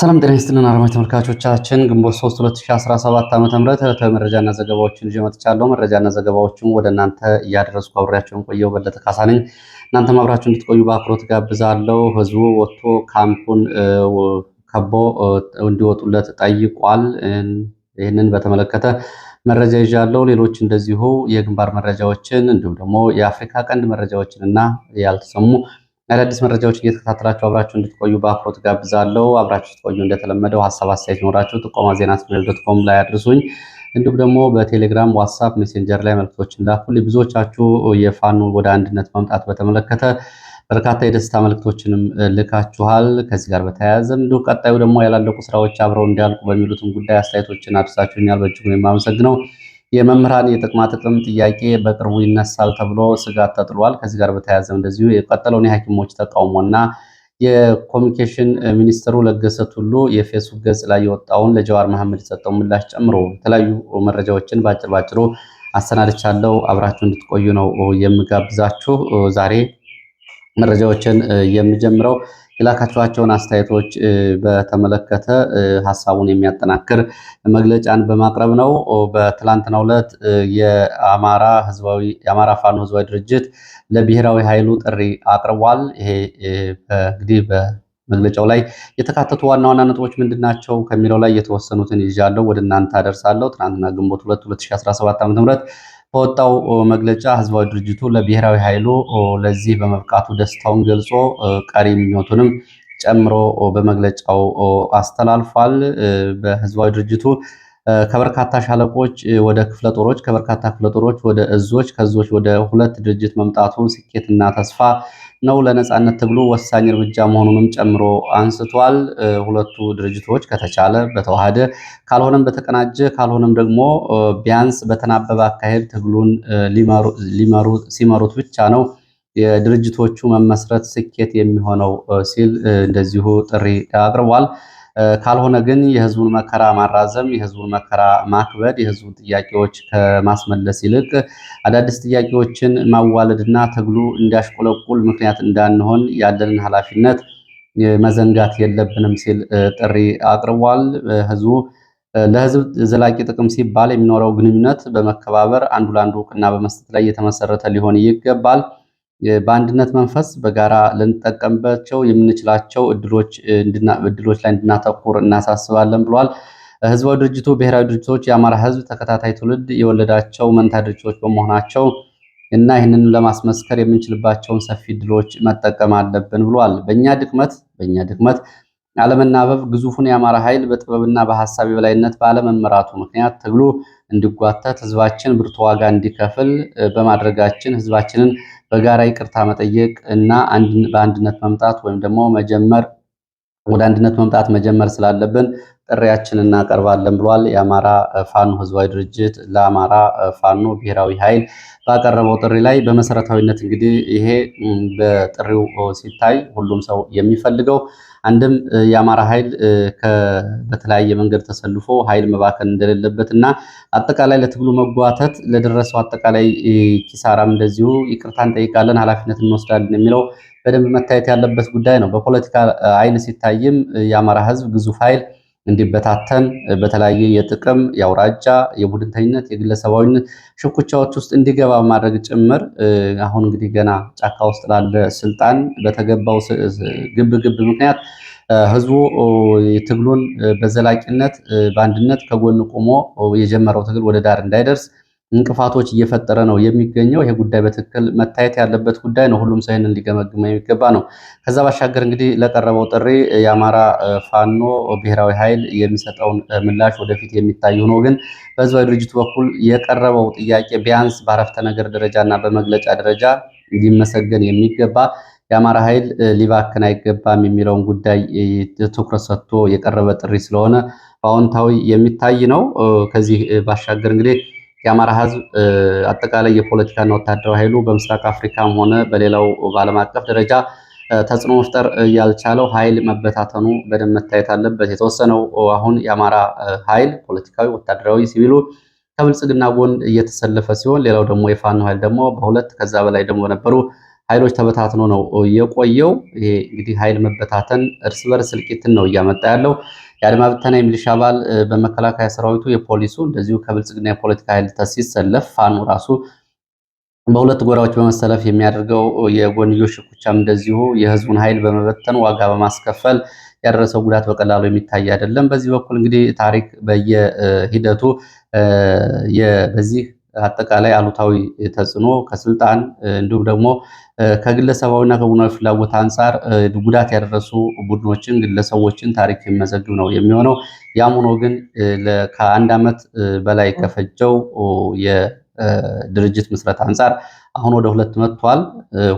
ሰላም ጤና ይስጥልን አድማጭ ተመልካቾቻችን፣ ግንቦት 3 2017 ዓ.ም ዕለታዊ መረጃና ዘገባዎችን ይዤ መጥቻለሁ። መረጃና ዘገባዎችን ወደ እናንተ እያደረስኩ አብሬያቸውን ቆየው በለጠ ካሳ ነኝ። እናንተም አብራችሁ እንድትቆዩ በአክብሮት ጋብዛለሁ። ህዝቡ ወጥቶ ካምፑን ከቦ እንዲወጡለት ጠይቋል። ይህንን በተመለከተ መረጃ ይዣለሁ። ሌሎች እንደዚሁ የግንባር መረጃዎችን እንዲሁም ደግሞ የአፍሪካ ቀንድ መረጃዎችን እና ያልተሰሙ አዳዲስ መረጃዎች እየተከታተላችሁ አብራችሁ እንድትቆዩ በአክብሮት ጋብዛለሁ። አብራችሁ ትቆዩ እንደተለመደው ሀሳብ አስተያየት ኖራችሁ ጥቆማ ዜና ጂሜል ዶት ኮም ላይ አድርሱኝ። እንዲሁም ደግሞ በቴሌግራም ዋትሳፕ፣ ሜሴንጀር ላይ መልክቶችን ላኩልኝ። ብዙዎቻችሁ የፋኖ ወደ አንድነት መምጣት በተመለከተ በርካታ የደስታ መልክቶችንም ልካችኋል። ከዚህ ጋር በተያያዘም እንዲሁ ቀጣዩ ደግሞ ያላለቁ ስራዎች አብረው እንዲያልቁ በሚሉትም ጉዳይ አስተያየቶችን አድርሳችሁኛል። በእጅጉ የማመሰግነው የመምህራን የጥቅማ ጥቅም ጥያቄ በቅርቡ ይነሳል ተብሎ ስጋት ተጥሏል። ከዚህ ጋር በተያያዘ እንደዚሁ የቀጠለውን የሐኪሞች ተቃውሞና የኮሚኒኬሽን ሚኒስትሩ ለገሰ ቱሉ የፌስቡክ ገጽ ላይ የወጣውን ለጀዋር መሐመድ የሰጠው ምላሽ ጨምሮ የተለያዩ መረጃዎችን በአጭር ባጭሩ አሰናድቻለሁ። አብራችሁ እንድትቆዩ ነው የምጋብዛችሁ። ዛሬ መረጃዎችን የምጀምረው የላካችኋቸውን አስተያየቶች በተመለከተ ሀሳቡን የሚያጠናክር መግለጫን በማቅረብ ነው። በትላንትናው ዕለት የአማራ ህዝባዊ የአማራ ፋኖ ህዝባዊ ድርጅት ለብሔራዊ ኃይሉ ጥሪ አቅርቧል። ይሄ እንግዲህ በመግለጫው ላይ የተካተቱ ዋና ዋና ነጥቦች ምንድን ናቸው ከሚለው ላይ የተወሰኑትን ይዣለሁ፣ ወደ እናንተ አደርሳለሁ። ትናንትና ግንቦት 2 2017 ዓ.ም በወጣው መግለጫ ህዝባዊ ድርጅቱ ለብሔራዊ ኃይሉ ለዚህ በመብቃቱ ደስታውን ገልጾ ቀሪ ምኞቱንም ጨምሮ በመግለጫው አስተላልፏል። በህዝባዊ ድርጅቱ ከበርካታ ሻለቆች ወደ ክፍለ ጦሮች፣ ከበርካታ ክፍለ ጦሮች ወደ እዞች፣ ከእዞች ወደ ሁለት ድርጅት መምጣቱ ስኬትና ተስፋ ነው ለነፃነት ትግሉ ወሳኝ እርምጃ መሆኑንም ጨምሮ አንስቷል። ሁለቱ ድርጅቶች ከተቻለ በተዋሃደ ካልሆነም በተቀናጀ ካልሆነም ደግሞ ቢያንስ በተናበበ አካሄድ ትግሉን ሲመሩት ብቻ ነው የድርጅቶቹ መመስረት ስኬት የሚሆነው ሲል እንደዚሁ ጥሪ አቅርቧል። ካልሆነ ግን የህዝቡን መከራ ማራዘም፣ የህዝቡን መከራ ማክበድ፣ የህዝቡን ጥያቄዎች ከማስመለስ ይልቅ አዳዲስ ጥያቄዎችን ማዋለድና ትግሉ እንዲያሽቆለቁል ምክንያት እንዳንሆን ያለንን ኃላፊነት መዘንጋት የለብንም ሲል ጥሪ አቅርቧል። ህዝቡ ለህዝብ ዘላቂ ጥቅም ሲባል የሚኖረው ግንኙነት በመከባበር አንዱ ለአንዱ እውቅና በመስጠት ላይ የተመሰረተ ሊሆን ይገባል። በአንድነት መንፈስ በጋራ ልንጠቀምባቸው የምንችላቸው እድሎች ላይ እንድናተኩር እናሳስባለን ብሏል ህዝበ ድርጅቱ ብሔራዊ ድርጅቶች የአማራ ህዝብ ተከታታይ ትውልድ የወለዳቸው መንታ ድርጅቶች በመሆናቸው እና ይህንን ለማስመስከር የምንችልባቸውን ሰፊ እድሎች መጠቀም አለብን ብለዋል። በእኛ ድክመት በእኛ ድክመት አለመናበብ ግዙፉን የአማራ ኃይል በጥበብና በሀሳብ የበላይነት ባለመመራቱ ምክንያት ትግሉ እንዲጓተት ህዝባችን ብርቱ ዋጋ እንዲከፍል በማድረጋችን ህዝባችንን በጋራ ይቅርታ መጠየቅ እና በአንድነት መምጣት ወይም ደግሞ መጀመር ወደ አንድነት መምጣት መጀመር ስላለብን ጥሪያችን እናቀርባለን ብሏል። የአማራ ፋኖ ህዝባዊ ድርጅት ለአማራ ፋኖ ብሔራዊ ኃይል ባቀረበው ጥሪ ላይ በመሰረታዊነት እንግዲህ ይሄ በጥሪው ሲታይ ሁሉም ሰው የሚፈልገው አንድም የአማራ ኃይል በተለያየ መንገድ ተሰልፎ ኃይል መባከን እንደሌለበት እና አጠቃላይ ለትግሉ መጓተት ለደረሰው አጠቃላይ ኪሳራም እንደዚሁ ይቅርታ እንጠይቃለን፣ ኃላፊነት እንወስዳለን የሚለው በደንብ መታየት ያለበት ጉዳይ ነው። በፖለቲካ አይን ሲታይም የአማራ ህዝብ ግዙፍ ኃይል እንዲበታተን በተለያየ የጥቅም የአውራጃ የቡድንተኝነት የግለሰባዊነት ሽኩቻዎች ውስጥ እንዲገባ ማድረግ ጭምር አሁን እንግዲህ ገና ጫካ ውስጥ ላለ ስልጣን በተገባው ግብግብ ምክንያት ህዝቡ ትግሉን በዘላቂነት በአንድነት ከጎን ቆሞ የጀመረው ትግል ወደ ዳር እንዳይደርስ እንቅፋቶች እየፈጠረ ነው የሚገኘው። ይሄ ጉዳይ በትክክል መታየት ያለበት ጉዳይ ነው። ሁሉም ሰው ይህንን የሚገባ ነው። ከዛ ባሻገር እንግዲህ ለቀረበው ጥሪ የአማራ ፋኖ ብሔራዊ ኃይል የሚሰጠውን ምላሽ ወደፊት የሚታይ ሆኖ ግን በህዝባዊ ድርጅቱ በኩል የቀረበው ጥያቄ ቢያንስ በአረፍተ ነገር ደረጃ እና በመግለጫ ደረጃ ሊመሰገን የሚገባ የአማራ ኃይል ሊባክን አይገባም የሚለውን ጉዳይ ትኩረት ሰጥቶ የቀረበ ጥሪ ስለሆነ በአዎንታዊ የሚታይ ነው። ከዚህ ባሻገር እንግዲህ የአማራ ህዝብ አጠቃላይ የፖለቲካና ወታደራዊ ኃይሉ በምስራቅ አፍሪካም ሆነ በሌላው በዓለም አቀፍ ደረጃ ተጽዕኖ መፍጠር ያልቻለው ኃይል መበታተኑ በደንብ መታየት አለበት። የተወሰነው አሁን የአማራ ኃይል ፖለቲካዊ፣ ወታደራዊ፣ ሲቪሉ ከብልጽግና ጎን እየተሰለፈ ሲሆን ሌላው ደግሞ የፋኖ ኃይል ደግሞ በሁለት ከዛ በላይ ደግሞ በነበሩ ኃይሎች ተበታትኖ ነው የቆየው። ይሄ እንግዲህ ኃይል መበታተን እርስ በርስ እልቂትን ነው እያመጣ ያለው። የአድማ ብተና የሚሊሻ አባል በመከላከያ ሰራዊቱ የፖሊሱ እንደዚሁ ከብልጽግና የፖለቲካ ኃይል ሲሰለፍ ፋኖ ራሱ በሁለት ጎራዎች በመሰለፍ የሚያደርገው የጎንዮሽ ሽኩቻም እንደዚሁ የህዝቡን ኃይል በመበተን ዋጋ በማስከፈል ያደረሰው ጉዳት በቀላሉ የሚታይ አይደለም። በዚህ በኩል እንግዲህ ታሪክ በየሂደቱ በዚህ አጠቃላይ አሉታዊ ተጽዕኖ ከስልጣን እንዲሁም ደግሞ ከግለሰባዊና ከቡድናዊ ፍላጎት አንጻር ጉዳት ያደረሱ ቡድኖችን፣ ግለሰቦችን ታሪክ የሚመዘግብ ነው የሚሆነው። ያም ሆኖ ግን ከአንድ ዓመት በላይ ከፈጀው የድርጅት ምስረት አንጻር አሁን ወደ ሁለት መጥቷል።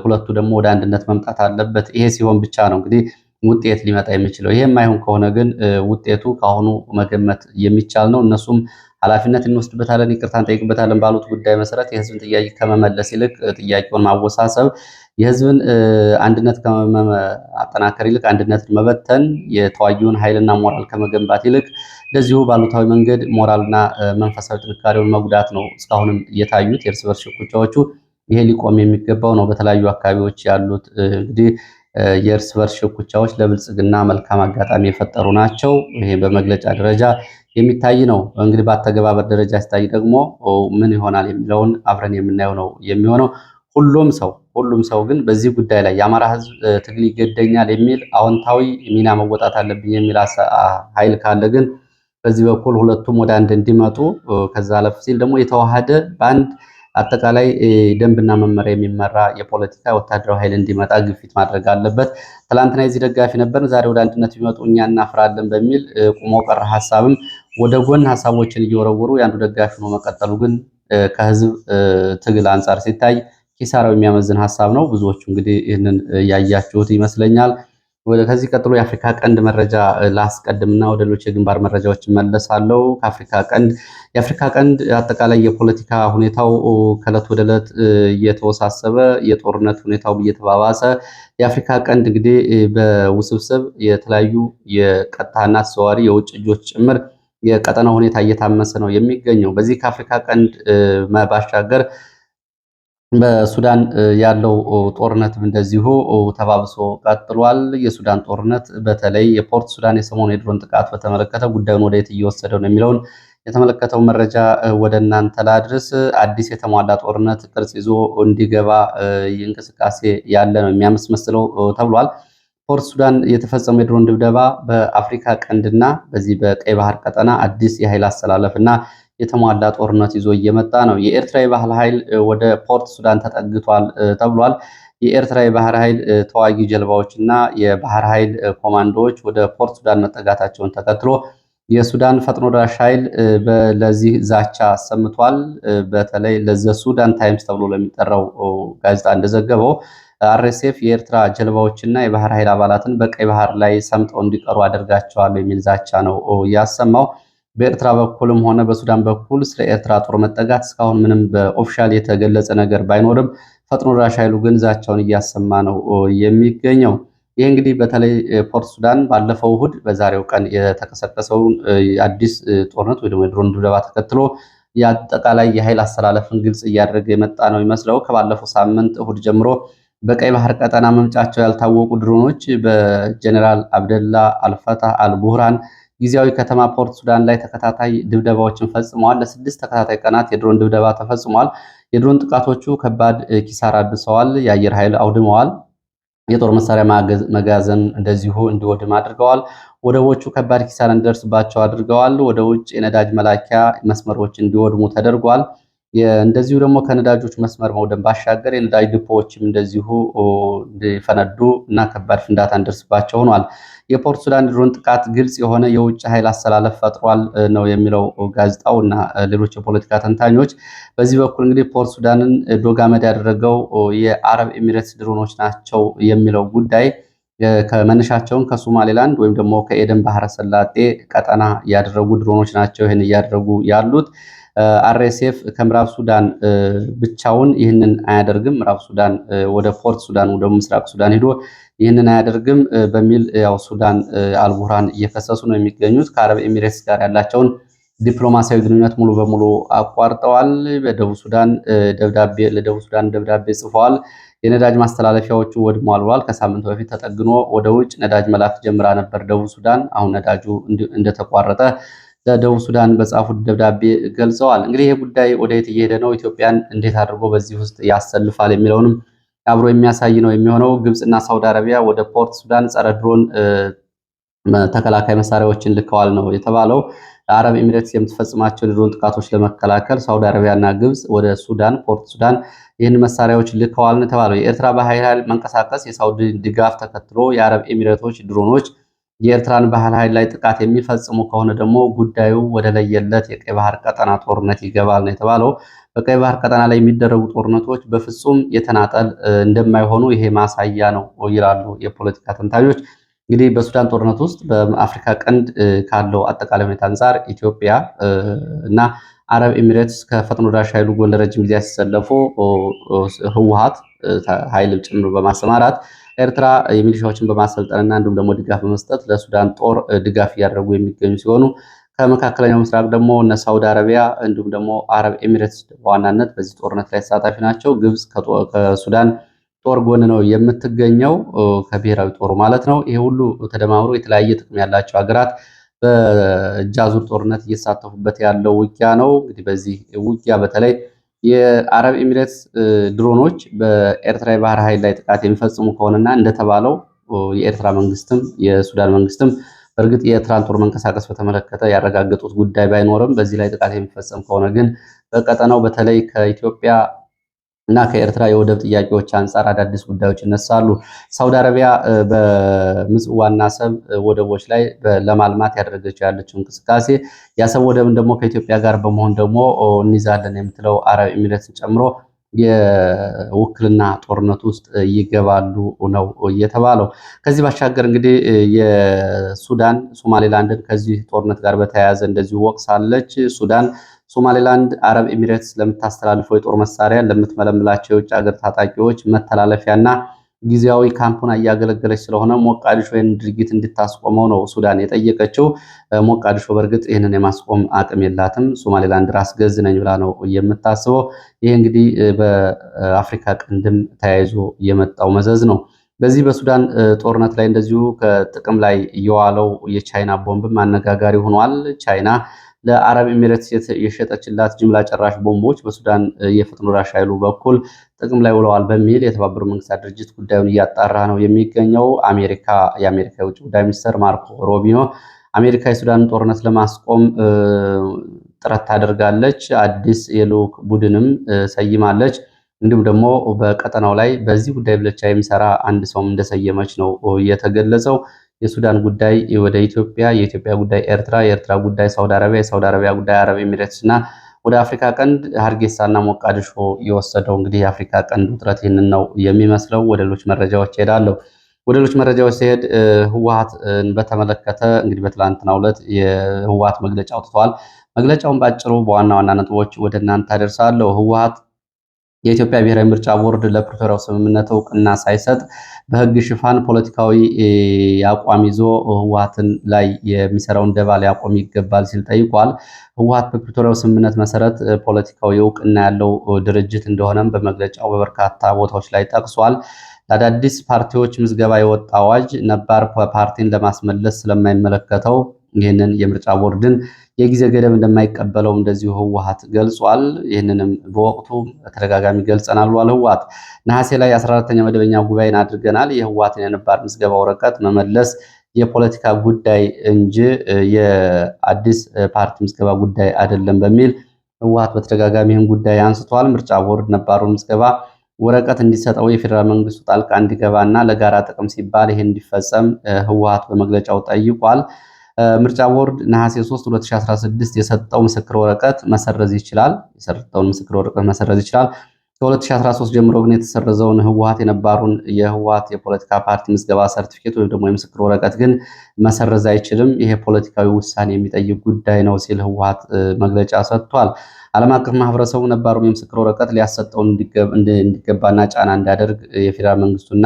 ሁለቱ ደግሞ ወደ አንድነት መምጣት አለበት። ይሄ ሲሆን ብቻ ነው እንግዲህ ውጤት ሊመጣ የሚችለው። ይሄ የማይሆን ከሆነ ግን ውጤቱ ከአሁኑ መገመት የሚቻል ነው። እነሱም ኃላፊነት እንወስድበታለን፣ ይቅርታ እንጠይቅበታለን ባሉት ጉዳይ መሰረት የህዝብን ጥያቄ ከመመለስ ይልቅ ጥያቄውን ማወሳሰብ፣ የህዝብን አንድነት ከማጠናከር ይልቅ አንድነትን መበተን፣ የተዋጊውን ኃይልና ሞራል ከመገንባት ይልቅ እንደዚሁ ባሉታዊ መንገድ ሞራልና መንፈሳዊ ጥንካሬውን መጉዳት ነው እስካሁንም የታዩት የእርስ በርስ ሽኩቻዎቹ። ይሄ ሊቆም የሚገባው ነው። በተለያዩ አካባቢዎች ያሉት እንግዲህ የእርስ በርስ ሽኩቻዎች ለብልጽግና መልካም አጋጣሚ የፈጠሩ ናቸው። ይሄ በመግለጫ ደረጃ የሚታይ ነው። እንግዲህ በአተገባበር ደረጃ ሲታይ ደግሞ ምን ይሆናል የሚለውን አብረን የምናየው ነው የሚሆነው። ሁሉም ሰው ሁሉም ሰው ግን በዚህ ጉዳይ ላይ የአማራ ህዝብ ትግል ይገደኛል የሚል አዎንታዊ ሚና መወጣት አለብኝ የሚል ኃይል ካለ ግን በዚህ በኩል ሁለቱም ወደ አንድ እንዲመጡ ከዛ አለፍ ሲል ደግሞ የተዋሃደ በአንድ አጠቃላይ ደንብና መመሪያ የሚመራ የፖለቲካ ወታደራዊ ኃይል እንዲመጣ ግፊት ማድረግ አለበት። ትላንትና የዚህ ደጋፊ ነበር፣ ዛሬ ወደ አንድነት ቢመጡ እኛ እናፍራለን በሚል ቁሞ ቀረ ሀሳብም ወደ ጎን ሀሳቦችን እየወረወሩ የአንዱ ደጋፊ ሆኖ መቀጠሉ ግን ከህዝብ ትግል አንጻር ሲታይ ኪሳራው የሚያመዝን ሀሳብ ነው። ብዙዎቹ እንግዲህ ይህንን እያያችሁት ይመስለኛል። ከዚህ ቀጥሎ የአፍሪካ ቀንድ መረጃ ላስቀድምና ወደ ሌሎች የግንባር መረጃዎች መለሳለው። ከአፍሪካ ቀንድ የአፍሪካ ቀንድ አጠቃላይ የፖለቲካ ሁኔታው ከእለት ወደ ዕለት እየተወሳሰበ የጦርነት ሁኔታው እየተባባሰ የአፍሪካ ቀንድ እንግዲህ በውስብስብ የተለያዩ የቀጥታና አስተዋሪ የውጭ እጆች ጭምር የቀጠናው ሁኔታ እየታመሰ ነው የሚገኘው። በዚህ ከአፍሪካ ቀንድ ባሻገር በሱዳን ያለው ጦርነትም እንደዚሁ ተባብሶ ቀጥሏል። የሱዳን ጦርነት በተለይ የፖርት ሱዳን የሰሞኑ የድሮን ጥቃት በተመለከተ ጉዳዩን ወደት እየወሰደው ነው የሚለውን የተመለከተው መረጃ ወደ እናንተ ላድርስ። አዲስ የተሟላ ጦርነት ቅርጽ ይዞ እንዲገባ እንቅስቃሴ ያለ ነው የሚያመስመስለው ተብሏል። ፖርት ሱዳን የተፈጸመው የድሮን ድብደባ በአፍሪካ ቀንድና በዚህ በቀይ ባህር ቀጠና አዲስ የኃይል አሰላለፍና የተሟላ ጦርነት ይዞ እየመጣ ነው። የኤርትራ የባህር ኃይል ወደ ፖርት ሱዳን ተጠግቷል ተብሏል። የኤርትራ የባህር ኃይል ተዋጊ ጀልባዎች እና የባህር ኃይል ኮማንዶዎች ወደ ፖርት ሱዳን መጠጋታቸውን ተከትሎ የሱዳን ፈጥኖ ደራሽ ኃይል ለዚህ ዛቻ አሰምቷል። በተለይ ለዘ ሱዳን ታይምስ ተብሎ ለሚጠራው ጋዜጣ እንደዘገበው አርኤስኤፍ የኤርትራ ጀልባዎችና የባህር ኃይል አባላትን በቀይ ባህር ላይ ሰምጠው እንዲቀሩ አድርጋቸዋል የሚል ዛቻ ነው ያሰማው። በኤርትራ በኩልም ሆነ በሱዳን በኩል ስለ ኤርትራ ጦር መጠጋት እስካሁን ምንም በኦፊሻል የተገለጸ ነገር ባይኖርም ፈጥኖ ደራሽ ኃይሉ ግን ዛቻውን እያሰማ ነው የሚገኘው። ይህ እንግዲህ በተለይ ፖርት ሱዳን ባለፈው እሁድ በዛሬው ቀን የተቀሰቀሰውን አዲስ ጦርነት ወይ ደግሞ የድሮን ድብደባ ተከትሎ የአጠቃላይ የኃይል አሰላለፍን ግልጽ እያደረገ የመጣ ነው ይመስለው። ከባለፈው ሳምንት እሁድ ጀምሮ በቀይ ባህር ቀጠና መምጫቸው ያልታወቁ ድሮኖች በጀኔራል አብደላ አልፈታህ አልቡህራን ጊዜያዊ ከተማ ፖርት ሱዳን ላይ ተከታታይ ድብደባዎችን ፈጽመዋል። ለስድስት ተከታታይ ቀናት የድሮን ድብደባ ተፈጽሟል። የድሮን ጥቃቶቹ ከባድ ኪሳራ አድርሰዋል። የአየር ኃይል አውድመዋል። የጦር መሳሪያ መጋዘን እንደዚሁ እንዲወድም አድርገዋል። ወደቦቹ ከባድ ኪሳራ እንዲደርስባቸው አድርገዋል። ወደ ውጭ የነዳጅ መላኪያ መስመሮች እንዲወድሙ ተደርጓል። እንደዚሁ ደግሞ ከነዳጆች መስመር መውደም ባሻገር የነዳጅ ድፖዎችም እንደዚሁ እንዲፈነዱ እና ከባድ ፍንዳታ እንደርስባቸው ሆኗል። የፖርት ሱዳን ድሮን ጥቃት ግልጽ የሆነ የውጭ ኃይል አሰላለፍ ፈጥሯል ነው የሚለው ጋዜጣው እና ሌሎች የፖለቲካ ተንታኞች። በዚህ በኩል እንግዲህ ፖርት ሱዳንን ዶጋመድ ያደረገው የአረብ ኤሚሬትስ ድሮኖች ናቸው የሚለው ጉዳይ ከመነሻቸውን ከሶማሌላንድ ወይም ደግሞ ከኤደን ባህረ ሰላጤ ቀጠና ያደረጉ ድሮኖች ናቸው ይህን እያደረጉ ያሉት አርኤስኤፍ ከምዕራብ ሱዳን ብቻውን ይህንን አያደርግም፣ ምዕራብ ሱዳን ወደ ፖርት ሱዳን ወደ ምስራቅ ሱዳን ሄዶ ይህንን አያደርግም በሚል ያው ሱዳን አልቡርሃን እየፈሰሱ ነው የሚገኙት። ከአረብ ኤሚሬትስ ጋር ያላቸውን ዲፕሎማሲያዊ ግንኙነት ሙሉ በሙሉ አቋርጠዋል። በደቡብ ሱዳን ደብዳቤ ለደቡብ ሱዳን ደብዳቤ ጽፈዋል። የነዳጅ ማስተላለፊያዎቹ ወድመዋል ብሏል። ከሳምንት በፊት ተጠግኖ ወደ ውጭ ነዳጅ መላክ ጀምራ ነበር ደቡብ ሱዳን። አሁን ነዳጁ እንደተቋረጠ ለደቡብ ሱዳን በጻፉት ደብዳቤ ገልጸዋል። እንግዲህ ይህ ጉዳይ ወደየት እየሄደ ነው፣ ኢትዮጵያን እንዴት አድርጎ በዚህ ውስጥ ያሰልፋል የሚለውንም አብሮ የሚያሳይ ነው የሚሆነው። ግብፅና ሳውዲ አረቢያ ወደ ፖርት ሱዳን ጸረ ድሮን ተከላካይ መሳሪያዎችን ልከዋል ነው የተባለው። አረብ ኤሚሬትስ የምትፈጽማቸውን ድሮን ጥቃቶች ለመከላከል ሳውዲ አረቢያና ግብፅ ወደ ሱዳን ፖርት ሱዳን ይህን መሳሪያዎች ልከዋል ነው የተባለው። የኤርትራ በኃይል መንቀሳቀስ የሳውዲ ድጋፍ ተከትሎ የአረብ ኤሚሬቶች ድሮኖች የኤርትራን ባህር ኃይል ላይ ጥቃት የሚፈጽሙ ከሆነ ደግሞ ጉዳዩ ወደ ለየለት የቀይ ባህር ቀጠና ጦርነት ይገባል ነው የተባለው። በቀይ ባህር ቀጠና ላይ የሚደረጉ ጦርነቶች በፍጹም የተናጠል እንደማይሆኑ ይሄ ማሳያ ነው ይላሉ የፖለቲካ ተንታኞች። እንግዲህ በሱዳን ጦርነት ውስጥ በአፍሪካ ቀንድ ካለው አጠቃላይ ሁኔታ አንጻር ኢትዮጵያ እና አረብ ኤሚሬትስ ከፈጥኖ ደራሽ ኃይሉ ጎን ለረጅም ጊዜ ሲሰለፉ ህወሀት ኃይል ጭምር በማሰማራት ኤርትራ የሚሊሻዎችን በማሰልጠንና እንዲሁም ደግሞ ድጋፍ በመስጠት ለሱዳን ጦር ድጋፍ እያደረጉ የሚገኙ ሲሆኑ ከመካከለኛው ምስራቅ ደግሞ እነ ሳውዲ አረቢያ እንዲሁም ደግሞ አረብ ኤሚሬትስ በዋናነት በዚህ ጦርነት ላይ ተሳታፊ ናቸው። ግብፅ ከሱዳን ጦር ጎን ነው የምትገኘው፣ ከብሔራዊ ጦሩ ማለት ነው። ይሄ ሁሉ ተደማምሮ የተለያየ ጥቅም ያላቸው ሀገራት በእጅ አዙር ጦርነት እየተሳተፉበት ያለው ውጊያ ነው። እንግዲህ በዚህ ውጊያ በተለይ የአረብ ኤሚሬትስ ድሮኖች በኤርትራ የባህር ኃይል ላይ ጥቃት የሚፈጽሙ ከሆነና እንደተባለው የኤርትራ መንግስትም የሱዳን መንግስትም በእርግጥ የኤርትራን ጦር መንቀሳቀስ በተመለከተ ያረጋገጡት ጉዳይ ባይኖርም በዚህ ላይ ጥቃት የሚፈጸም ከሆነ ግን በቀጠናው በተለይ ከኢትዮጵያ እና ከኤርትራ የወደብ ጥያቄዎች አንጻር አዳዲስ ጉዳዮች ይነሳሉ። ሳውዲ አረቢያ በምጽዋና አሰብ ወደቦች ላይ ለማልማት ያደረገችው ያለችው እንቅስቃሴ የአሰብ ወደብን ደግሞ ከኢትዮጵያ ጋር በመሆን ደግሞ እንይዛለን የምትለው አረብ ኤሚሬትን ጨምሮ የውክልና ጦርነት ውስጥ ይገባሉ ነው እየተባለው። ከዚህ ባሻገር እንግዲህ የሱዳን ሶማሌላንድን ከዚህ ጦርነት ጋር በተያያዘ እንደዚሁ ወቅሳለች ሱዳን ሶማሌላንድ አረብ ኤሚሬትስ ለምታስተላልፈው የጦር መሳሪያ ለምትመለምላቸው የውጭ ሀገር ታጣቂዎች መተላለፊያና ጊዜያዊ ካምፑን እያገለገለች ስለሆነ ሞቃዲሾ ይህን ድርጊት እንድታስቆመው ነው ሱዳን የጠየቀችው። ሞቃዲሾ በእርግጥ ይህንን የማስቆም አቅም የላትም። ሶማሌላንድ ራስ ገዝ ነኝ ብላ ነው የምታስበው። ይሄ እንግዲህ በአፍሪካ ቀንድም ተያይዞ የመጣው መዘዝ ነው። በዚህ በሱዳን ጦርነት ላይ እንደዚሁ ከጥቅም ላይ የዋለው የቻይና ቦምብም አነጋጋሪ ሆኗል። ቻይና ለአረብ ኤሚሬትስ የሸጠችላት ጅምላ ጨራሽ ቦምቦች በሱዳን የፈጥኖ ደራሽ ኃይሉ በኩል ጥቅም ላይ ውለዋል በሚል የተባበሩት መንግስታት ድርጅት ጉዳዩን እያጣራ ነው የሚገኘው። አሜሪካ የአሜሪካ የውጭ ጉዳይ ሚኒስትር ማርኮ ሮቢኖ አሜሪካ የሱዳንን ጦርነት ለማስቆም ጥረት ታደርጋለች፣ አዲስ የልዑክ ቡድንም ሰይማለች። እንዲሁም ደግሞ በቀጠናው ላይ በዚህ ጉዳይ ብቻ የሚሰራ አንድ ሰውም እንደሰየመች ነው የተገለጸው። የሱዳን ጉዳይ ወደ ኢትዮጵያ፣ የኢትዮጵያ ጉዳይ ኤርትራ፣ የኤርትራ ጉዳይ ሳውዲ አረቢያ፣ የሳውዲ አረቢያ ጉዳይ አረብ ኤሚሬትስ እና ወደ አፍሪካ ቀንድ ሀርጌሳና ሞቃዲሾ የወሰደው እንግዲህ የአፍሪካ ቀንድ ውጥረት ይህንን ነው የሚመስለው። ወደ ሌሎች መረጃዎች ይሄዳለሁ። ወደ ሌሎች መረጃዎች ሲሄድ ህወሓትን በተመለከተ እንግዲህ በትላንትናው ዕለት የህወሀት መግለጫ አውጥተዋል። መግለጫውን በአጭሩ በዋና ዋና ነጥቦች ወደ እናንተ አደርሳለሁ። ህወሀት የኢትዮጵያ ብሔራዊ ምርጫ ቦርድ ለፕሪቶሪያው ስምምነት እውቅና ሳይሰጥ በህግ ሽፋን ፖለቲካዊ አቋም ይዞ ህወሀትን ላይ የሚሰራውን ደባ ሊያቆም ይገባል ሲል ጠይቋል። ህወሀት በፕሪቶሪያው ስምምነት መሰረት ፖለቲካዊ እውቅና ያለው ድርጅት እንደሆነም በመግለጫው በበርካታ ቦታዎች ላይ ጠቅሷል። ለአዳዲስ ፓርቲዎች ምዝገባ የወጣ አዋጅ ነባር ፓርቲን ለማስመለስ ስለማይመለከተው ይህንን የምርጫ ቦርድን የጊዜ ገደብ እንደማይቀበለው እንደዚሁ ህወሀት ገልጿል። ይህንንም በወቅቱ በተደጋጋሚ ገልጸናል ዋል ህወሀት ነሐሴ ላይ 14ተኛ መደበኛ ጉባኤን አድርገናል። የህወሀትን የነባር ምዝገባ ወረቀት መመለስ የፖለቲካ ጉዳይ እንጂ የአዲስ ፓርቲ ምዝገባ ጉዳይ አይደለም በሚል ህወሀት በተደጋጋሚ ይህን ጉዳይ አንስቷል። ምርጫ ቦርድ ነባሩን ምዝገባ ወረቀት እንዲሰጠው የፌዴራል መንግስቱ ጣልቃ እንዲገባና ለጋራ ጥቅም ሲባል ይህን እንዲፈጸም ህወሀት በመግለጫው ጠይቋል። ምርጫ ቦርድ ነሐሴ 3 2016 የሰጠው ምስክር ወረቀት መሰረዝ ይችላል። የሰጠውን ምስክር ወረቀት መሰረዝ ይችላል። ከ2013 ጀምሮ ግን የተሰረዘውን ህወሀት የነባሩን የህወሀት የፖለቲካ ፓርቲ ምዝገባ ሰርቲፊኬት ወይም ደግሞ የምስክር ወረቀት ግን መሰረዝ አይችልም። ይሄ ፖለቲካዊ ውሳኔ የሚጠይቅ ጉዳይ ነው ሲል ህወሀት መግለጫ ሰጥቷል። ዓለም አቀፍ ማህበረሰቡ ነባሩን የምስክር ወረቀት ሊያሰጠውን እንዲገባና ጫና እንዲያደርግ የፌዴራል መንግስቱና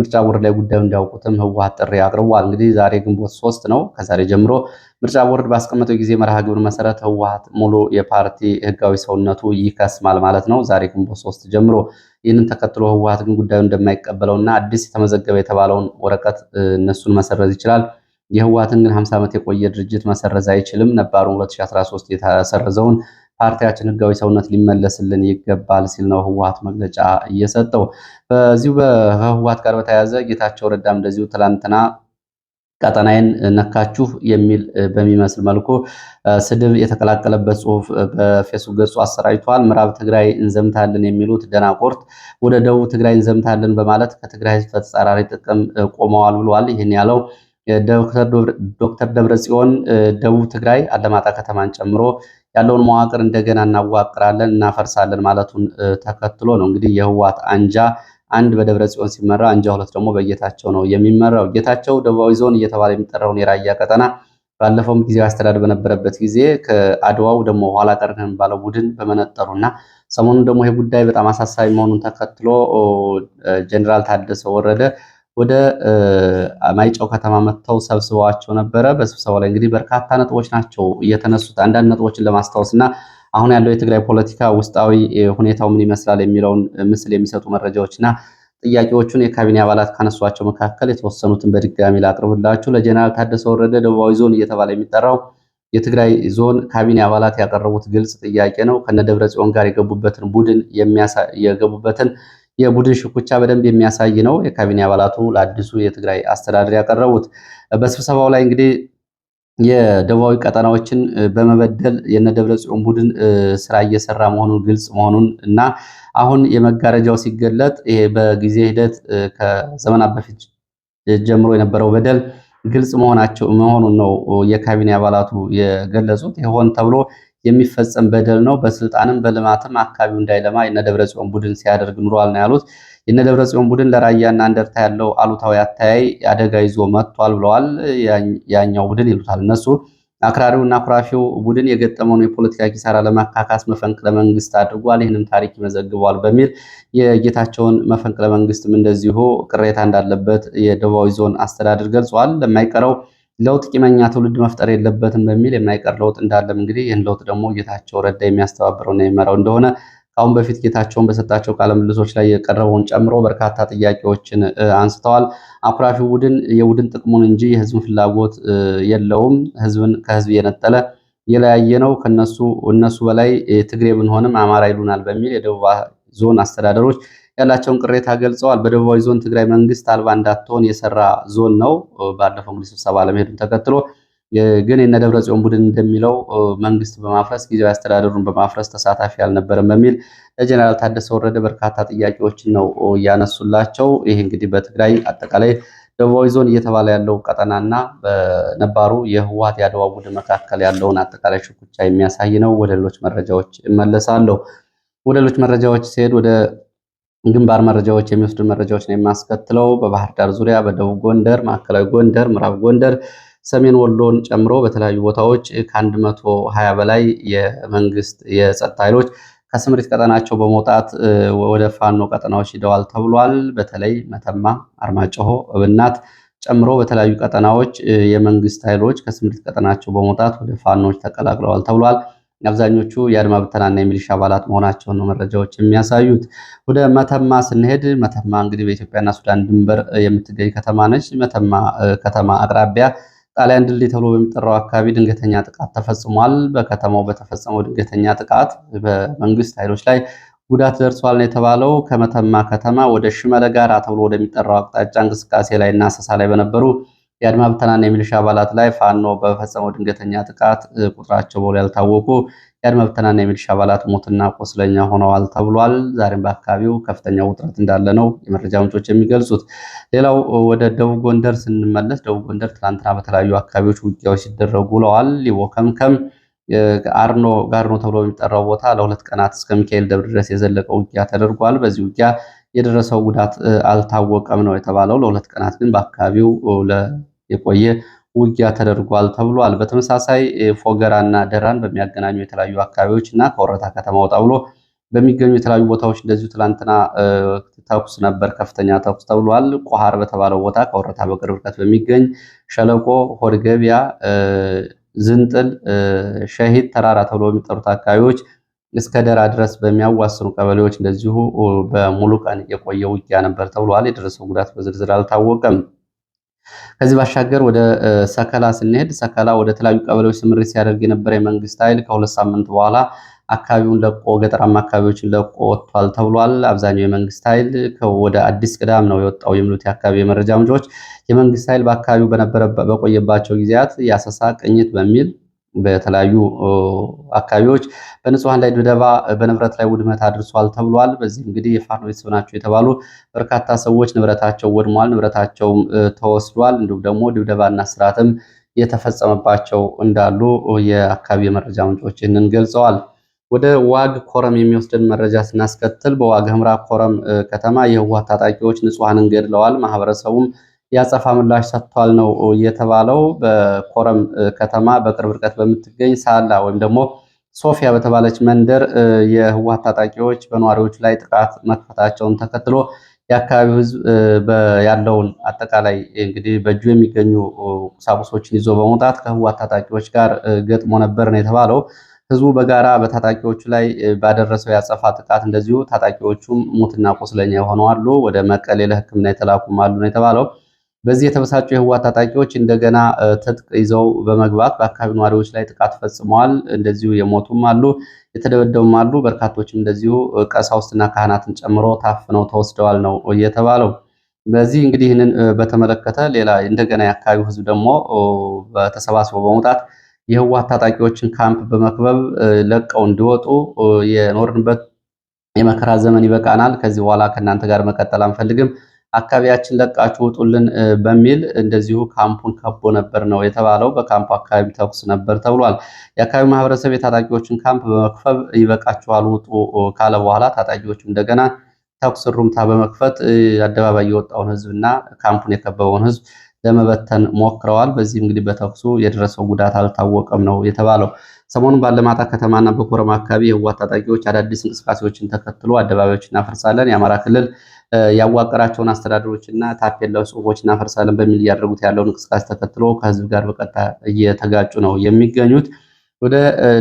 ምርጫ ቦርድ ላይ ጉዳዩ እንዲያውቁትም ህወሓት ጥሪ አቅርቧል። እንግዲህ ዛሬ ግንቦት ሶስት ነው። ከዛሬ ጀምሮ ምርጫ ቦርድ ባስቀመጠው ጊዜ መርሃ ግብር መሰረት ህወሀት ሙሉ የፓርቲ ህጋዊ ሰውነቱ ይከስማል ማለት ነው ዛሬ ግንቦት ሶስት ጀምሮ። ይህንን ተከትሎ ህወሀት ግን ጉዳዩ እና አዲስ የተመዘገበ የተባለውን ወረቀት እነሱን መሰረዝ ይችላል። የህወሀትን ግን 50 ዓመት የቆየ ድርጅት መሰረዝ አይችልም። ነባሩን 2013 የተሰረዘውን ፓርቲያችን ህጋዊ ሰውነት ሊመለስልን ይገባል ሲል ነው ህወሀት መግለጫ እየሰጠው። በዚሁ ከህወሀት ጋር በተያያዘ ጌታቸው ረዳም እንደዚሁ ትላንትና ቀጠናዬን ነካችሁ የሚል በሚመስል መልኩ ስድብ የተቀላቀለበት ጽሁፍ በፌስቡክ ገጹ አሰራጅቷል። ምዕራብ ትግራይ እንዘምታለን የሚሉት ደናቆርት ወደ ደቡብ ትግራይ እንዘምታለን በማለት ከትግራይ ህዝብ ተጻራሪ ጥቅም ቆመዋል ብለዋል። ይህን ያለው ዶክተር ደብረ ጽዮን ደቡብ ትግራይ አለማጣ ከተማን ጨምሮ ያለውን መዋቅር እንደገና እናዋቅራለን እናፈርሳለን ማለቱን ተከትሎ ነው እንግዲህ የህዋት አንጃ አንድ በደብረ ጽዮን ሲመራ አንጃ ሁለት ደግሞ በጌታቸው ነው የሚመራው። ጌታቸው ደቡባዊ ዞን እየተባለ የሚጠራውን የራያ ቀጠና ባለፈውም ጊዜ አስተዳደር በነበረበት ጊዜ ከአድዋው ደግሞ ኋላ ቀር ባለው ቡድን በመነጠሩና ሰሞኑን ደግሞ ይህ ጉዳይ በጣም አሳሳቢ መሆኑን ተከትሎ ጀኔራል ታደሰ ወረደ ወደ ማይጨው ከተማ መጥተው ሰብስበዋቸው ነበረ። በስብሰባው ላይ እንግዲህ በርካታ ነጥቦች ናቸው እየተነሱት። አንዳንድ ነጥቦችን ለማስታወስ እና አሁን ያለው የትግራይ ፖለቲካ ውስጣዊ ሁኔታው ምን ይመስላል የሚለውን ምስል የሚሰጡ መረጃዎች እና ጥያቄዎቹን የካቢኔ አባላት ካነሷቸው መካከል የተወሰኑትን በድጋሚ ላቅርብላችሁ። ለጀነራል ታደሰ ወረደ ደቡባዊ ዞን እየተባለ የሚጠራው የትግራይ ዞን ካቢኔ አባላት ያቀረቡት ግልጽ ጥያቄ ነው። ከነደብረ ጽዮን ጋር የገቡበትን ቡድን የገቡበትን የቡድን ሽኩቻ በደንብ የሚያሳይ ነው የካቢኔ አባላቱ ለአዲሱ የትግራይ አስተዳደር ያቀረቡት። በስብሰባው ላይ እንግዲህ የደቡባዊ ቀጠናዎችን በመበደል ጽዮን ቡድን ስራ እየሰራ መሆኑን ግልጽ መሆኑን እና አሁን የመጋረጃው ሲገለጥ ይሄ በጊዜ ሂደት ከዘመናት በፊት ጀምሮ የነበረው በደል ግልጽ መሆናቸው መሆኑን ነው የካቢኔ አባላቱ የገለጹት። የሆን ተብሎ የሚፈጸም በደል ነው። በስልጣንም በልማትም አካባቢው እንዳይለማ የነደብረጽዮን ቡድን ሲያደርግ ኑሯል ነው ያሉት። የነደብረጽዮን ቡድን ለራያና እንደርታ ያለው አሉታዊ አተያይ አደጋ ይዞ መጥቷል ብለዋል። ያኛው ቡድን ይሉታል እነሱ አክራሪው እና ኩራፊው ቡድን የገጠመውን የፖለቲካ ኪሳራ ለማካካስ መፈንቅለ መንግስት አድርጓል፣ ይህንም ታሪክ ይመዘግበዋል በሚል የጌታቸውን መፈንቅለ መንግስትም እንደዚሁ ቅሬታ እንዳለበት የደቡባዊ ዞን አስተዳደር ገልጿል። ለማይቀረው ለውጥ ቂመኛ ትውልድ መፍጠር የለበትም በሚል የማይቀር ለውጥ እንዳለም እንግዲህ ይህን ለውጥ ደግሞ ጌታቸው ረዳ የሚያስተባብረውና የሚመራው እንደሆነ ከአሁን በፊት ጌታቸውን በሰጣቸው ቃለ ምልልሶች ላይ የቀረበውን ጨምሮ በርካታ ጥያቄዎችን አንስተዋል። አኩራፊው ቡድን የቡድን ጥቅሙን እንጂ የህዝብን ፍላጎት የለውም። ህዝብን ከህዝብ የነጠለ የለያየ ነው። ከነሱ እነሱ በላይ ትግሬ ብንሆንም አማራ ይሉናል በሚል የደቡብ ዞን አስተዳደሮች ያላቸውን ቅሬታ ገልጸዋል። በደቡባዊ ዞን ትግራይ መንግስት አልባ እንዳትሆን የሰራ ዞን ነው። ባለፈው እንግዲህ ስብሰባ አለመሄዱን ተከትሎ ግን የነ ደብረ ጽዮን ቡድን እንደሚለው መንግስት በማፍረስ ጊዜያዊ አስተዳደሩን በማፍረስ ተሳታፊ አልነበረም በሚል ለጀነራል ታደሰ ወረደ በርካታ ጥያቄዎችን ነው እያነሱላቸው። ይህ እንግዲህ በትግራይ አጠቃላይ ደቡባዊ ዞን እየተባለ ያለው ቀጠናና በነባሩ የህወሓት የአድዋ ቡድን መካከል ያለውን አጠቃላይ ሽኩቻ የሚያሳይ ነው። ወደ ሌሎች መረጃዎች እመለሳለሁ። ወደ ሌሎች መረጃዎች ሲሄድ ወደ ግንባር መረጃዎች የሚወስዱ መረጃዎች ነው የማስከትለው። በባህር ዳር ዙሪያ፣ በደቡብ ጎንደር፣ ማዕከላዊ ጎንደር፣ ምዕራብ ጎንደር ሰሜን ወሎን ጨምሮ በተለያዩ ቦታዎች ከ120 በላይ የመንግስት የጸጥታ ኃይሎች ከስምሪት ቀጠናቸው በመውጣት ወደ ፋኖ ቀጠናዎች ሂደዋል ተብሏል። በተለይ መተማ፣ አርማጭሆ፣ እብናት ጨምሮ በተለያዩ ቀጠናዎች የመንግስት ኃይሎች ከስምሪት ቀጠናቸው በመውጣት ወደ ፋኖች ተቀላቅለዋል ተብሏል። አብዛኞቹ የአድማ ብተናና የሚሊሻ አባላት መሆናቸውን ነው መረጃዎች የሚያሳዩት። ወደ መተማ ስንሄድ መተማ እንግዲህ በኢትዮጵያና ሱዳን ድንበር የምትገኝ ከተማ ነች። መተማ ከተማ አቅራቢያ ጣሊያን ድልድይ ተብሎ በሚጠራው አካባቢ ድንገተኛ ጥቃት ተፈጽሟል። በከተማው በተፈጸመው ድንገተኛ ጥቃት በመንግስት ኃይሎች ላይ ጉዳት ደርሷል ነው የተባለው። ከመተማ ከተማ ወደ ሽመለ ጋራ ተብሎ ወደሚጠራው አቅጣጫ እንቅስቃሴ ላይ እና አሰሳ ላይ በነበሩ የአድማ ብተናና የሚሊሻ አባላት ላይ ፋኖ በፈጸመው ድንገተኛ ጥቃት ቁጥራቸው በውል ያልታወቁ የአድማ ብተናና የሚሊሻ አባላት ሞትና ቆስለኛ ሆነዋል ተብሏል። ዛሬም በአካባቢው ከፍተኛ ውጥረት እንዳለ ነው የመረጃ ምንጮች የሚገልጹት። ሌላው ወደ ደቡብ ጎንደር ስንመለስ ደቡብ ጎንደር ትናንትና በተለያዩ አካባቢዎች ውጊያዎች ሲደረጉ ውለዋል። ሊቦ ከምከም አርኖ ጋርኖ ተብሎ የሚጠራው ቦታ ለሁለት ቀናት እስከ ሚካኤል ደብር ድረስ የዘለቀ ውጊያ ተደርጓል። በዚህ ውጊያ የደረሰው ጉዳት አልታወቀም ነው የተባለው። ለሁለት ቀናት ግን በአካባቢው የቆየ ውጊያ ተደርጓል ተብሏል። በተመሳሳይ ፎገራ እና ደራን በሚያገናኙ የተለያዩ አካባቢዎች እና ከወረታ ከተማ ወጣ ብሎ በሚገኙ የተለያዩ ቦታዎች እንደዚሁ ትላንትና ተኩስ ነበር፣ ከፍተኛ ተኩስ ተብሏል። ቆሃር በተባለው ቦታ ከወረታ በቅርብ ርቀት በሚገኝ ሸለቆ፣ ሆድገቢያ፣ ዝንጥል፣ ሸሂድ ተራራ ተብሎ በሚጠሩት አካባቢዎች እስከ ደራ ድረስ በሚያዋስኑ ቀበሌዎች እንደዚሁ በሙሉ ቀን የቆየ ውጊያ ነበር ተብሏል። የደረሰው ጉዳት በዝርዝር አልታወቀም። ከዚህ ባሻገር ወደ ሰከላ ስንሄድ ሰከላ ወደ ተለያዩ ቀበሌዎች ስምሪት ሲያደርግ የነበረ የመንግስት ኃይል ከሁለት ሳምንት በኋላ አካባቢውን ለቆ ገጠራማ አካባቢዎችን ለቆ ወጥቷል ተብሏል። አብዛኛው የመንግስት ኃይል ወደ አዲስ ቅዳም ነው የወጣው የሚሉት የአካባቢ የመረጃ ምንጮች የመንግስት ኃይል በአካባቢው በነበረ በቆየባቸው ጊዜያት የአሰሳ ቅኝት በሚል በተለያዩ አካባቢዎች በንጹሐን ላይ ድብደባ፣ በንብረት ላይ ውድመት አድርሷል ተብሏል። በዚህ እንግዲህ የፋኖ ቤተሰብ ናቸው የተባሉ በርካታ ሰዎች ንብረታቸው ወድሟል፣ ንብረታቸው ተወስዷል። እንዲሁም ደግሞ ድብደባና ስርዓትም የተፈጸመባቸው እንዳሉ የአካባቢ የመረጃ ምንጮች ይህንን ገልጸዋል። ወደ ዋግ ኮረም የሚወስድን መረጃ ስናስከትል በዋግ ህምራ ኮረም ከተማ የህወሓት ታጣቂዎች ንጹሐንን ገድለዋል፣ ማህበረሰቡም የአጸፋ ምላሽ ሰጥቷል ነው የተባለው። በኮረም ከተማ በቅርብ ርቀት በምትገኝ ሳላ ወይም ደግሞ ሶፊያ በተባለች መንደር የህወሓት ታጣቂዎች በነዋሪዎች ላይ ጥቃት መክፈታቸውን ተከትሎ የአካባቢው ህዝብ ያለውን አጠቃላይ እንግዲህ በእጁ የሚገኙ ቁሳቁሶችን ይዞ በመውጣት ከህወሓት ታጣቂዎች ጋር ገጥሞ ነበር ነው የተባለው። ህዝቡ በጋራ በታጣቂዎቹ ላይ ባደረሰው ያጸፋ ጥቃት እንደዚሁ ታጣቂዎቹም ሙትና ቁስለኛ የሆነው አሉ፣ ወደ መቀሌ ለህክምና የተላኩም አሉ ነው የተባለው። በዚህ የተበሳጩ የህወሓት ታጣቂዎች እንደገና ትጥቅ ይዘው በመግባት በአካባቢ ነዋሪዎች ላይ ጥቃት ፈጽመዋል። እንደዚሁ የሞቱም አሉ፣ የተደበደቡም አሉ። በርካቶችም እንደዚሁ ቀሳውስትና ካህናትን ጨምሮ ታፍነው ተወስደዋል ነው የተባለው። በዚህ እንግዲህ ይህንን በተመለከተ ሌላ እንደገና የአካባቢው ህዝብ ደግሞ ተሰባስቦ በመውጣት የህወሓት ታጣቂዎችን ካምፕ በመክበብ ለቀው እንዲወጡ የኖርንበት የመከራ ዘመን ይበቃናል፣ ከዚህ በኋላ ከእናንተ ጋር መቀጠል አንፈልግም አካባቢያችን ለቃችሁ ውጡልን በሚል እንደዚሁ ካምፑን ከቦ ነበር ነው የተባለው። በካምፑ አካባቢ ተኩስ ነበር ተብሏል። የአካባቢው ማህበረሰብ የታጣቂዎችን ካምፕ በመክፈብ ይበቃችኋል ውጡ ካለ በኋላ ታጣቂዎቹ እንደገና ተኩስ ሩምታ በመክፈት አደባባይ የወጣውን ህዝብና ካምፑን የከበበውን ህዝብ ለመበተን ሞክረዋል። በዚህ እንግዲህ በተኩሱ የደረሰው ጉዳት አልታወቀም ነው የተባለው። ሰሞኑን ባለማጣ ከተማና በኮረማ አካባቢ የህወሓት ታጣቂዎች አዳዲስ እንቅስቃሴዎችን ተከትሎ አደባባዮች እናፈርሳለን፣ የአማራ ክልል ያዋቀራቸውን አስተዳደሮችና ታፔላ ጽሁፎች እናፈርሳለን በሚል እያደረጉት ያለውን እንቅስቃሴ ተከትሎ ከህዝብ ጋር በቀጥታ እየተጋጩ ነው የሚገኙት። ወደ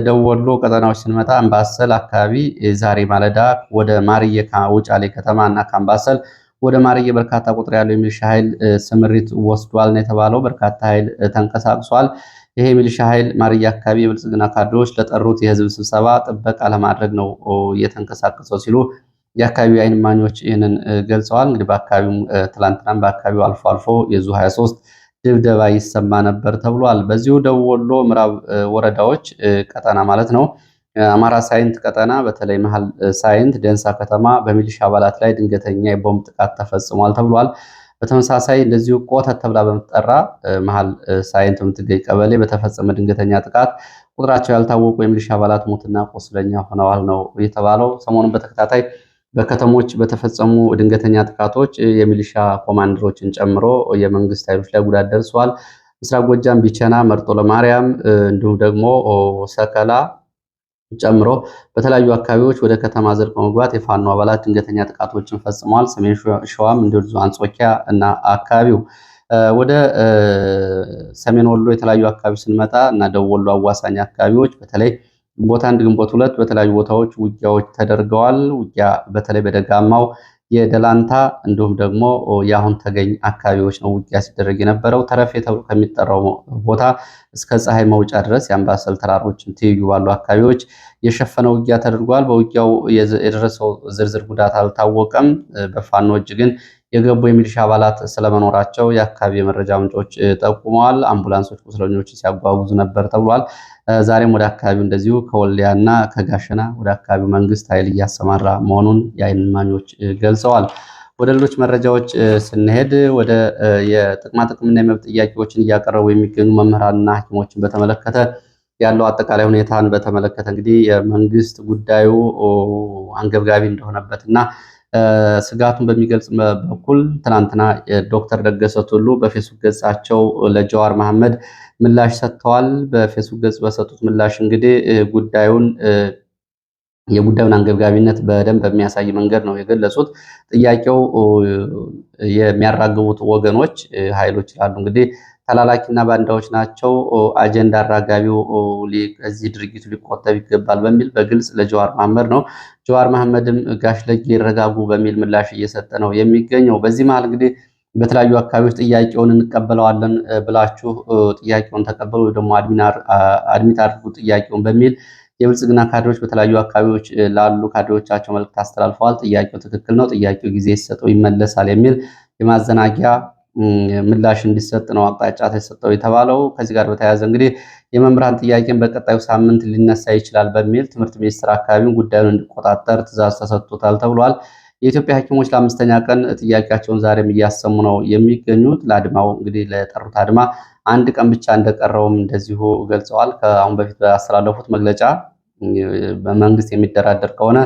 ደቡብ ወሎ ቀጠናዎች ስንመጣ አምባሰል አካባቢ ዛሬ ማለዳ ወደ ማርየ ውጫሌ ከተማ እና ከአምባሰል ወደ ማርየ በርካታ ቁጥር ያለው የሚሊሻ ኃይል ስምሪት ወስዷል ነው የተባለው። በርካታ ኃይል ተንቀሳቅሷል። ይሄ የሚሊሻ ኃይል ማርያ አካባቢ የብልጽግና ካድሬዎች ለጠሩት የህዝብ ስብሰባ ጥበቃ ለማድረግ ነው እየተንቀሳቀሰው ሲሉ የአካባቢው አይን ማኞች ይህንን ገልጸዋል። እንግዲህ በአካባቢው ትላንትናም በአካባቢው አልፎ አልፎ የዙ 23 ድብደባ ይሰማ ነበር ተብሏል። በዚሁ ደቡብ ወሎ ምዕራብ ወረዳዎች ቀጠና ማለት ነው አማራ ሳይንት ቀጠና በተለይ መሀል ሳይንት ደንሳ ከተማ በሚሊሻ አባላት ላይ ድንገተኛ የቦምብ ጥቃት ተፈጽሟል ተብሏል። በተመሳሳይ እንደዚሁ ቆተት ተብላ በምትጠራ መሀል ሳይንት በምትገኝ ቀበሌ በተፈጸመ ድንገተኛ ጥቃት ቁጥራቸው ያልታወቁ የሚሊሻ አባላት ሞትና ቆስለኛ ሆነዋል ነው የተባለው። ሰሞኑን በተከታታይ በከተሞች በተፈጸሙ ድንገተኛ ጥቃቶች የሚሊሻ ኮማንደሮችን ጨምሮ የመንግስት ኃይሎች ላይ ጉዳት ደርሷል። ምስራቅ ጎጃም ቢቸና፣ መርጦ ለማርያም እንዲሁም ደግሞ ሰከላ ጨምሮ በተለያዩ አካባቢዎች ወደ ከተማ ዘልቆ መግባት የፋኖ አባላት ድንገተኛ ጥቃቶችን ፈጽመዋል። ሰሜን ሸዋም እንደዚሁ አንጾኪያ እና አካባቢው ወደ ሰሜን ወሎ የተለያዩ አካባቢ ስንመጣ እና ደቡብ ወሎ አዋሳኝ አካባቢዎች በተለይ ግንቦት አንድ ግንቦት ሁለት በተለያዩ ቦታዎች ውጊያዎች ተደርገዋል። ውጊያ በተለይ በደጋማው የደላንታ እንዲሁም ደግሞ የአሁን ተገኝ አካባቢዎች ነው ውጊያ ሲደረግ የነበረው። ተረፌ ተብሎ ከሚጠራው ቦታ እስከ ፀሐይ መውጫ ድረስ የአምባሰል ተራሮችን ትይዩ ባሉ አካባቢዎች የሸፈነ ውጊያ ተደርጓል። በውጊያው የደረሰው ዝርዝር ጉዳት አልታወቀም። በፋኖ እጅ ግን የገቡ የሚሊሻ አባላት ስለመኖራቸው የአካባቢ የመረጃ ምንጮች ጠቁመዋል። አምቡላንሶች ቁስለኞችን ሲያጓጉዙ ነበር ተብሏል። ዛሬም ወደ አካባቢው እንደዚሁ ከወልዲያና ከጋሸና ወደ አካባቢው መንግስት ኃይል እያሰማራ መሆኑን የዓይን እማኞች ገልጸዋል። ወደ ሌሎች መረጃዎች ስንሄድ ወደ የጥቅማ ጥቅምና የመብት ጥያቄዎችን እያቀረቡ የሚገኙ መምህራንና ሐኪሞችን በተመለከተ ያለው አጠቃላይ ሁኔታን በተመለከተ እንግዲህ የመንግስት ጉዳዩ አንገብጋቢ እንደሆነበትና ስጋቱን በሚገልጽ በኩል ትናንትና ዶክተር ደገሰቱሉ ቱሉ በፌስቡክ ገጻቸው ለጀዋር መሐመድ ምላሽ ሰጥተዋል። በፌስቡክ ገጽ በሰጡት ምላሽ እንግዲህ ጉዳዩን የጉዳዩን አንገብጋቢነት በደንብ በሚያሳይ መንገድ ነው የገለጹት። ጥያቄው የሚያራግቡት ወገኖች ኃይሎች ይላሉ እንግዲህ ተላላኪና ባንዳዎች ናቸው፣ አጀንዳ አራጋቢው ከዚህ ድርጊቱ ሊቆጠብ ይገባል በሚል በግልጽ ለጀዋር መሐመድ ነው። ጀዋር መሐመድም ጋሽ ለጊ ይረጋጉ በሚል ምላሽ እየሰጠ ነው የሚገኘው። በዚህ መሀል እንግዲህ በተለያዩ አካባቢዎች ጥያቄውን እንቀበለዋለን ብላችሁ ጥያቄውን ተቀበሉ ወይ ደግሞ አድሚት አድርጉ ጥያቄውን በሚል የብልጽግና ካድሬዎች በተለያዩ አካባቢዎች ላሉ ካድሬዎቻቸው መልእክት አስተላልፈዋል። ጥያቄው ትክክል ነው፣ ጥያቄው ጊዜ ሲሰጠው ይመለሳል የሚል የማዘናጊያ ምላሽ እንዲሰጥ ነው አቅጣጫ ተሰጠው የተባለው። ከዚህ ጋር በተያያዘ እንግዲህ የመምህራን ጥያቄን በቀጣዩ ሳምንት ሊነሳ ይችላል በሚል ትምህርት ሚኒስትር አካባቢውን ጉዳዩን እንዲቆጣጠር ትዛዝ ተሰጥቶታል ተብሏል። የኢትዮጵያ ሐኪሞች ለአምስተኛ ቀን ጥያቄያቸውን ዛሬም እያሰሙ ነው የሚገኙት። ለአድማው እንግዲህ ለጠሩት አድማ አንድ ቀን ብቻ እንደቀረውም እንደዚሁ ገልጸዋል። ከአሁን በፊት ባስተላለፉት መግለጫ በመንግስት የሚደራደር ከሆነ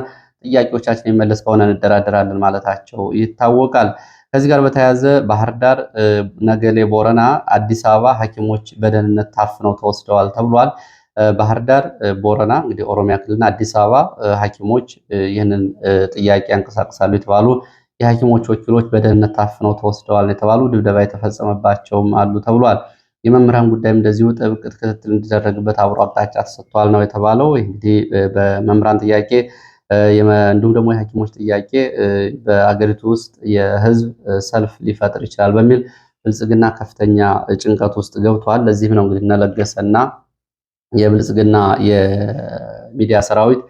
ጥያቄዎቻችን የሚመለስ ከሆነ እንደራደራለን ማለታቸው ይታወቃል። ከዚህ ጋር በተያያዘ ባህር ዳር፣ ነገሌ ቦረና፣ አዲስ አበባ ሐኪሞች በደህንነት ታፍነው ተወስደዋል ተብሏል። ባህር ዳር፣ ቦረና እንግዲህ ኦሮሚያ ክልልና አዲስ አበባ ሐኪሞች ይህንን ጥያቄ ያንቀሳቅሳሉ የተባሉ የሐኪሞች ወኪሎች በደህንነት ታፍነው ተወስደዋል የተባሉ ድብደባ የተፈጸመባቸውም አሉ ተብሏል። የመምህራን ጉዳይም እንደዚሁ ጥብቅ ክትትል እንዲደረግበት አብሮ አቅጣጫ ተሰጥቷል ነው የተባለው። እንግዲህ በመምህራን ጥያቄ እንዲሁም ደግሞ የሐኪሞች ጥያቄ በአገሪቱ ውስጥ የህዝብ ሰልፍ ሊፈጥር ይችላል በሚል ብልጽግና ከፍተኛ ጭንቀት ውስጥ ገብቷል። ለዚህም ነው እንግዲህ እነለገሰና የብልጽግና የሚዲያ ሰራዊት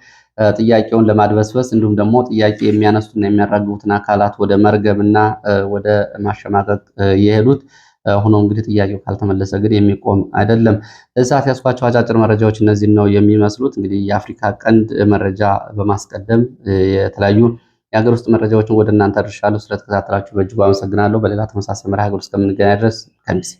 ጥያቄውን ለማድበስበስ እንዲሁም ደግሞ ጥያቄ የሚያነሱና የሚያራግቡትን አካላት ወደ መርገምና ወደ ማሸማቀቅ የሄዱት። ሆኖ እንግዲህ ጥያቄው ካልተመለሰ ግን የሚቆም አይደለም። እሳት ያስኳቸው አጫጭር መረጃዎች እነዚህ ነው የሚመስሉት። እንግዲህ የአፍሪካ ቀንድ መረጃ በማስቀደም የተለያዩ የሀገር ውስጥ መረጃዎችን ወደ እናንተ አድርሻለሁ። ስለተከታተላችሁ በእጅጉ አመሰግናለሁ። በሌላ ተመሳሳይ መርሃ ግብር እስከምንገናኝ ድረስ ከሚሴ